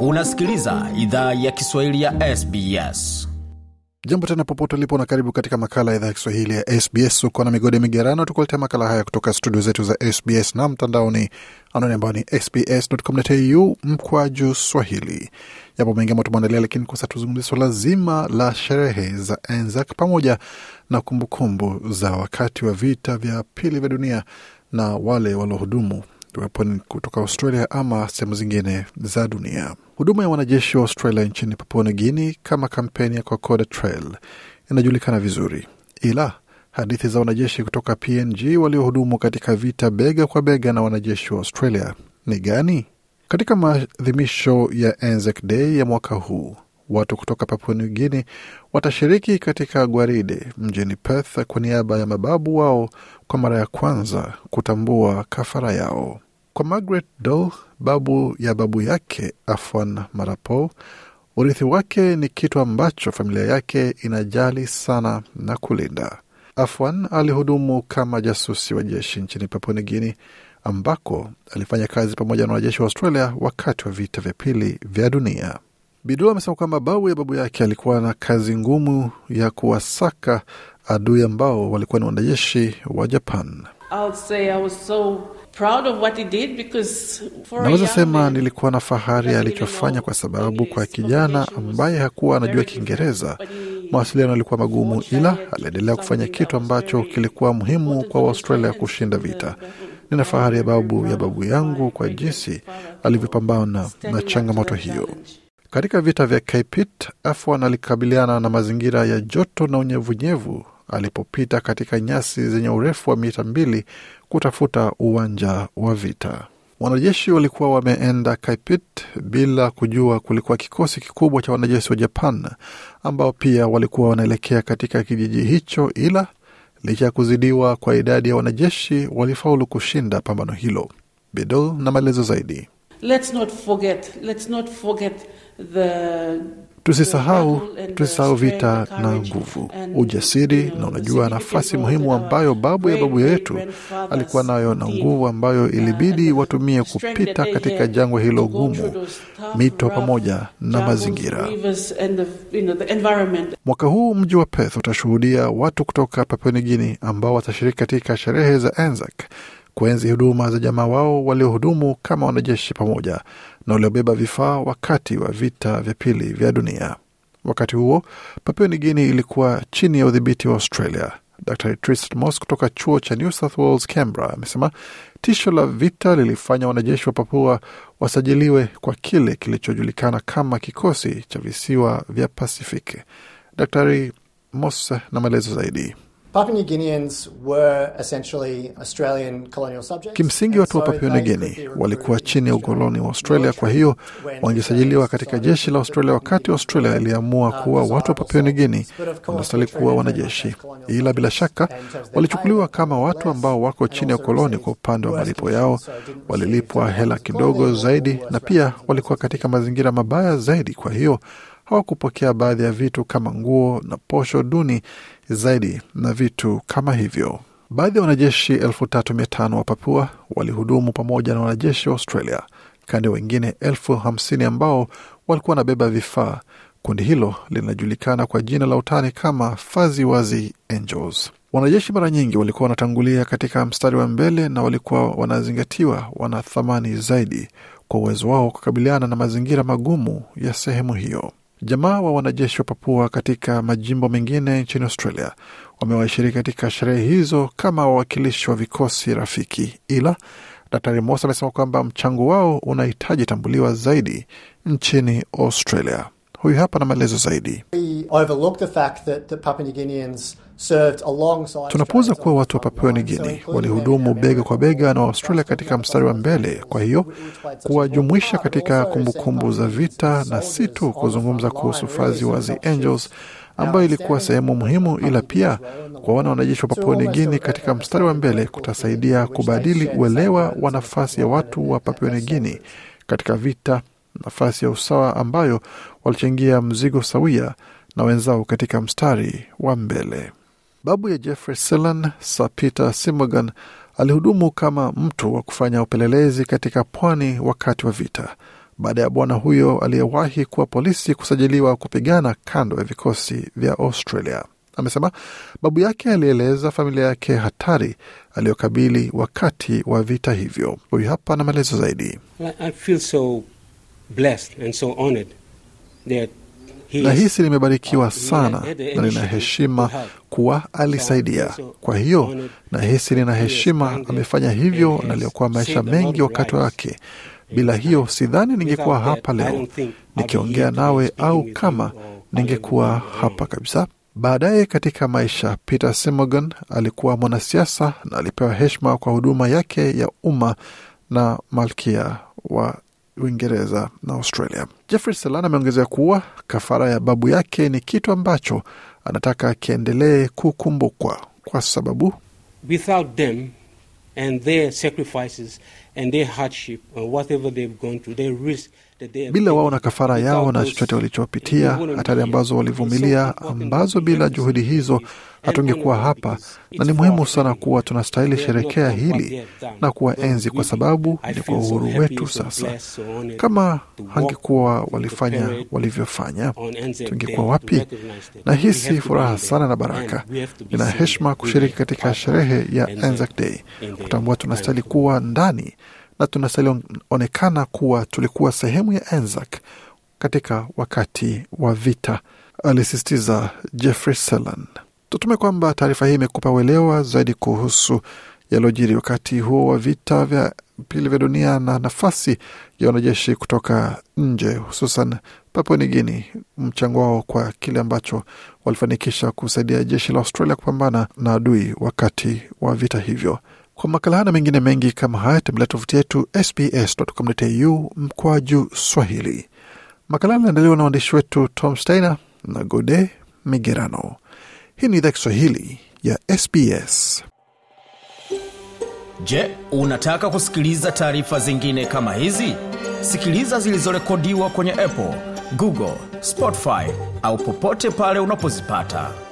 Unasikiliza idhaa ya Kiswahili ya SBS. Jambo tena popote ulipo na karibu katika makala ya idhaa ya Kiswahili ya SBS. Uko na migodi migerano, tukuletea makala haya kutoka studio zetu za SBS na mtandaoni, anaoni ambao ni mkwa mkwaju swahili. Yapo mengi ambao tumeandalia, lakini kwa sasa tuzungumzie swala zima la sherehe za Anzac pamoja na kumbukumbu za wakati wa vita vya pili vya dunia na wale waliohudumu iwapo kutoka Australia ama sehemu zingine za dunia. Huduma ya wanajeshi wa Australia nchini Papua New Guinea kama kampeni ya Kokoda Trail inajulikana vizuri, ila hadithi za wanajeshi kutoka PNG waliohudumu katika vita bega kwa bega na wanajeshi wa Australia ni gani? Katika maadhimisho ya Anzac Day ya mwaka huu watu kutoka Papua New Guinea watashiriki katika gwaride mjini Perth kwa niaba ya mababu wao kwa mara ya kwanza kutambua kafara yao. Kwa Margaret Doe, babu ya babu yake Afwan Marapo, urithi wake ni kitu ambacho familia yake inajali sana na kulinda. Afwan alihudumu kama jasusi wa jeshi nchini Papua Guinea ambako alifanya kazi pamoja na wanajeshi wa Australia wakati wa vita vya pili vya dunia. Bidu amesema kwamba babu ya babu yake alikuwa na kazi ngumu ya kuwasaka adui ambao walikuwa ni wanajeshi wa Japan. Naweza sema nilikuwa na fahari alichofanya, kwa sababu kwa kijana ambaye hakuwa anajua Kiingereza, mawasiliano yalikuwa magumu, ila aliendelea kufanya kitu ambacho kilikuwa muhimu kwa Waustralia kushinda vita. Nina fahari ya babu ya babu yangu kwa jinsi alivyopambana na changamoto hiyo. Katika vita vya kpit Afwan alikabiliana na mazingira ya joto na unyevunyevu alipopita katika nyasi zenye urefu wa mita mbili kutafuta uwanja wa vita. Wanajeshi walikuwa wameenda Kaipit bila kujua kulikuwa kikosi kikubwa cha wanajeshi wa Japan ambao pia walikuwa wanaelekea katika kijiji hicho, ila licha ya kuzidiwa kwa idadi ya wanajeshi walifaulu kushinda pambano hilo. Bidol na maelezo zaidi. Let's not forget, let's not forget the Tusisahau, tusisahau vita na nguvu, ujasiri, na unajua nafasi muhimu ambayo babu ya babu yetu alikuwa nayo na nguvu ambayo ilibidi watumie kupita katika jangwa hilo gumu, mito pamoja na mazingira. Mwaka huu mji wa peth utashuhudia watu kutoka Papua guini ambao watashiriki katika sherehe za Anzac kuenzi huduma za jamaa wao waliohudumu kama wanajeshi pamoja na waliobeba vifaa wakati wa vita vya pili vya dunia. Wakati huo Papua nigini ilikuwa chini ya udhibiti wa Australia. Dr Tristan Moss kutoka chuo cha New South Wales Canberra amesema tisho la vita lilifanya wanajeshi wa Papua wasajiliwe kwa kile kilichojulikana kama kikosi cha visiwa vya Pasifiki. Dr Moss na maelezo zaidi. Kimsingi watu wa Papua New Guinea walikuwa chini ya ukoloni wa Australia, kwa hiyo wangesajiliwa katika jeshi la Australia wakati Australia iliamua kuwa watu wa Papua New Guinea wanastahili kuwa wanajeshi, ila bila shaka walichukuliwa kama watu ambao wako chini ya ukoloni. Kwa upande wa malipo yao, walilipwa hela kidogo zaidi, na pia walikuwa katika mazingira mabaya zaidi, kwa hiyo hawakupokea baadhi ya vitu kama nguo na posho duni zaidi na vitu kama hivyo. Baadhi ya wanajeshi 35 wa Papua walihudumu pamoja na wanajeshi wa Australia, kando wengine elfu hamsini ambao walikuwa wanabeba vifaa. Kundi hilo linajulikana kwa jina la utani kama Wazi Angels. Wanajeshi mara nyingi walikuwa wanatangulia katika mstari wa mbele na walikuwa wanazingatiwa wana thamani zaidi kwa uwezo wao kukabiliana na mazingira magumu ya sehemu hiyo. Jamaa wa wanajeshi wa Papua katika majimbo mengine nchini Australia wamewashiriki katika sherehe hizo kama wawakilishi wa vikosi rafiki, ila Daktari Mosa amesema kwamba mchango wao unahitaji tambuliwa zaidi nchini Australia. Huyu hapa na maelezo zaidi. We overlook the fact that the Papua New Guineans Tunapuuza kuwa watu wa Papua ni Guinea walihudumu bega kwa bega na Waustralia katika mstari wa mbele. Kwa hiyo kuwajumuisha katika kumbukumbu kumbu za vita, na si tu kuzungumza kuhusu fazi wa The Angels ambayo ilikuwa sehemu muhimu, ila pia kuwaona wanajeshi wa Papua Nigini katika mstari wa mbele kutasaidia kubadili uelewa wa nafasi ya watu wa Papua Nigini katika vita, nafasi ya usawa ambayo walichangia mzigo sawia na wenzao katika mstari wa mbele. Babu ya Jeffrey Selan, Sir Peter Simogan alihudumu kama mtu wa kufanya upelelezi katika pwani wakati wa vita, baada ya bwana huyo aliyewahi kuwa polisi kusajiliwa kupigana kando ya vikosi vya Australia. Amesema babu yake alieleza familia yake hatari aliyokabili wakati wa vita hivyo. Huyu hapa na maelezo zaidi. I feel so blessed and so honored that na hisi limebarikiwa sana na lina heshima kuwa alisaidia. Kwa hiyo na hisi lina heshima, amefanya hivyo na aliokuwa maisha mengi wakati wake. Bila hiyo sidhani ningekuwa hapa leo nikiongea nawe, au kama ningekuwa hapa kabisa. Baadaye katika maisha, Peter Simogan alikuwa mwanasiasa na alipewa heshima kwa huduma yake ya umma na malkia wa Uingereza na Australia. Jeffrey Selan ameongezea kuwa kafara ya babu yake ni kitu ambacho anataka kiendelee kukumbukwa kwa sababu without them and their sacrifices and their hardship whatever they've gone through risk bila wao na kafara yao na chochote walichopitia, hatari ambazo walivumilia, ambazo bila juhudi hizo hatungekuwa hapa, na ni muhimu sana kuwa tunastahili sherekea hili na kuwa enzi kwa sababu ni kwa uhuru wetu sasa. Kama hangekuwa walifanya walivyofanya, tungekuwa wapi? na hisi furaha sana na baraka. Nina heshima kushiriki katika sherehe ya Anzac Day, kutambua tunastahili kuwa ndani na tunasalionekana kuwa tulikuwa sehemu ya Anzac katika wakati wa vita, alisisitiza Jeffrey Selan. Tutume kwamba taarifa hii imekupa uelewa zaidi kuhusu yaliyojiri wakati huo wa vita vya pili vya dunia na nafasi ya wanajeshi kutoka nje, hususan Papua New mchango wao kwa kile ambacho walifanikisha kusaidia jeshi la Australia kupambana na adui wakati wa vita hivyo. Kwa makala haya na mengine mengi kama haya tembelea tovuti yetu sbs.com.au mkwaju swahili. Makala yanaandaliwa na waandishi wetu Tom Steiner na Gode Migerano. Hii ni idhaa Kiswahili ya SBS. Je, unataka kusikiliza taarifa zingine kama hizi? Sikiliza zilizorekodiwa kwenye Apple, Google, Spotify au popote pale unapozipata.